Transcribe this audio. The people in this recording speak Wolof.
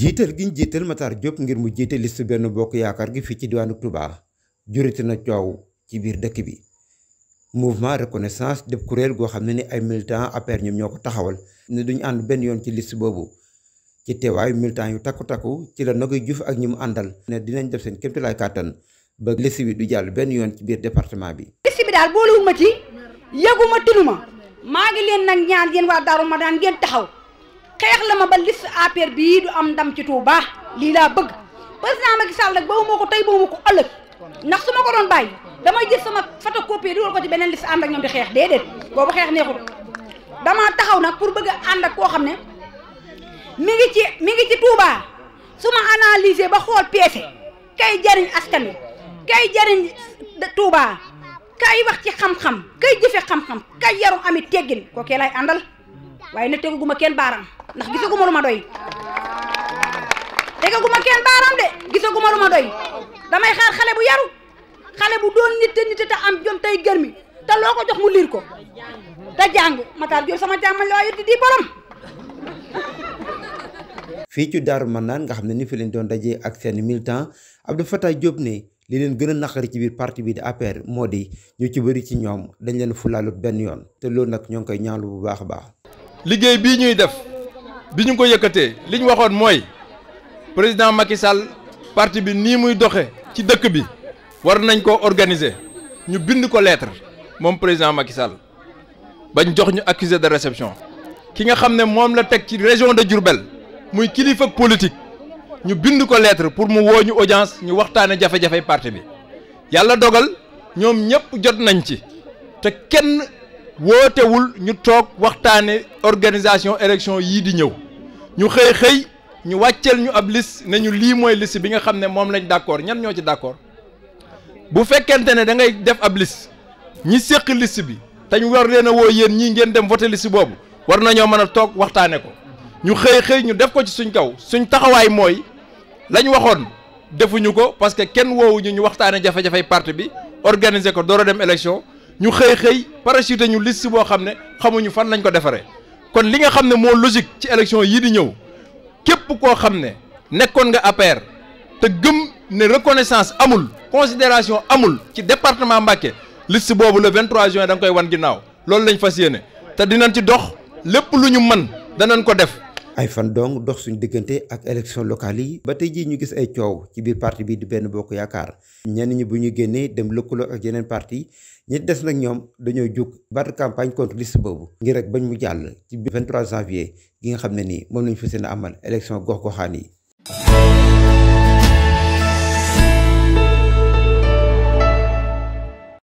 jiital giñ jiital Matar Diop ngir mu jiite liste benn bokk yaakaar gi fii ci diwaanu Touba juriti na coow ci biir dëkk bi mouvement reconnaissance def kuréel goo xam ne ni ay militant APR ñoom ñoo ko taxawal ne duñu ànd benn yoon ci list boobu ci teewaayu militant yu takku-takku ci la Nogaye Diouf ak ñi mu àndal ne dinañ def seen kéemtulaay kàttan ba liste bi du jàll benn yoon ci biir département bi liste bi daal boolewuma ci yëguma tinuma maa ngi leen xeex la ma ba liste APR bii du am ndam ci Touba lii laa bëgg président Macky Sall nag bawuma ko tey bawuma ko ëllëg ndax su ma ko doon bàyyi damay jël sama photocopie dugal ko ci beneen liste ànd ak ñoom di xeex déedéet boobu xeex neexul damaa taxaw nag pour bëgg ànd ak koo xam ne mi ngi ci mi ngi ci Touba su ma analyser ba xool peese kay jariñ askan wi kay jariñ Touba kay wax ci xam-xam kay jëfe xam-xam kay yaru amit teggin kookee lay àndal waaye ne tegaguma kenn baaram ndax gisaguma lu ma doy tegaguma kenn baaram de gisaguma lu ma doy damay xaar xale bu yaru xale bu doon nit te nit te am jom tey gërmi te loo ko jox mu liir ko te jàng Matar Diop sama jàmmal la waaye di borom. fii ci Daaru Manaan nga xam ne ni fi leen doon dajee ak seen militant Abdou Fatah Diop ne li leen gën a naqari ci biir parti bii di APR moo di ñu ci bari ci ñoom dañ leen fulaalut benn yoon te loolu nag ñoo ngi koy ñaanlu bu baax a baax. liggéey bi ñuy def bi ñu ko yëkkatee li ñu waxoon mooy président Macky Sall parti bi nii muy doxe ci dëkk bi war nañ ko organiser ñu bind ko lettre moom président Macky bañ jox ñu accusé de réception ki nga xam ne moom la teg ci région de Diourbel muy kilifa politique ñu bind ko lettre pour mu woo ñu audience ñu waxtaane jafe-jafe parti bi yàlla dogal ñoom ñëpp jot nañ ci te kenn wootewul ñu toog waxtaane organisation élection yii di ñëw ñu xëy xëy ñu wàcceel ñu ab liste ne ñu lii mooy liste bi nga xam ne moom lañ d'accord ñan ñoo ci d'accord bu fekkente ne da ngay def ab liste ñi séq liste bi te ñu war leen a woo yéen ñii ngeen dem voté liste boobu war nañoo mën a toog waxtaane ko ñu xëy xëy ñu def ko ci suñ kaw suñ taxawaay mooy lañu waxoon defuñu ko parce que kenn woowu ñu waxtaane jafe-jafey parti bi organiser ko door dem élection ñu xëy xëy parachuté ñu liste boo xam ne xamuñu fan lañ ko defaree kon li nga xam ne moo logique ci élection yii di ñëw képp koo xam ne nekkoon nga APR te gëm ne reconnaissance amul considération amul ci département Mbacké liste boobu le 23 juin da nga koy wan ginnaaw loolu lañu fas yéene te dinañ ci dox lépp lu ñu man danañ ko def ay fan doom dox suñu diggante ak élection locale yi ba tey jii ñu gis ay coow ci biir parti bi di benn bokk yaakaar ñenn ñi bu ñu génnee dem lëkkaloo ak yeneen parti ñi des nag ñoom dañoo jug battre campagne contre liste boobu ngir rek bañ mu jàll ci bi 23 janvier gi nga xam ne nii moom lañu fas seen amal élection gox goxaan yi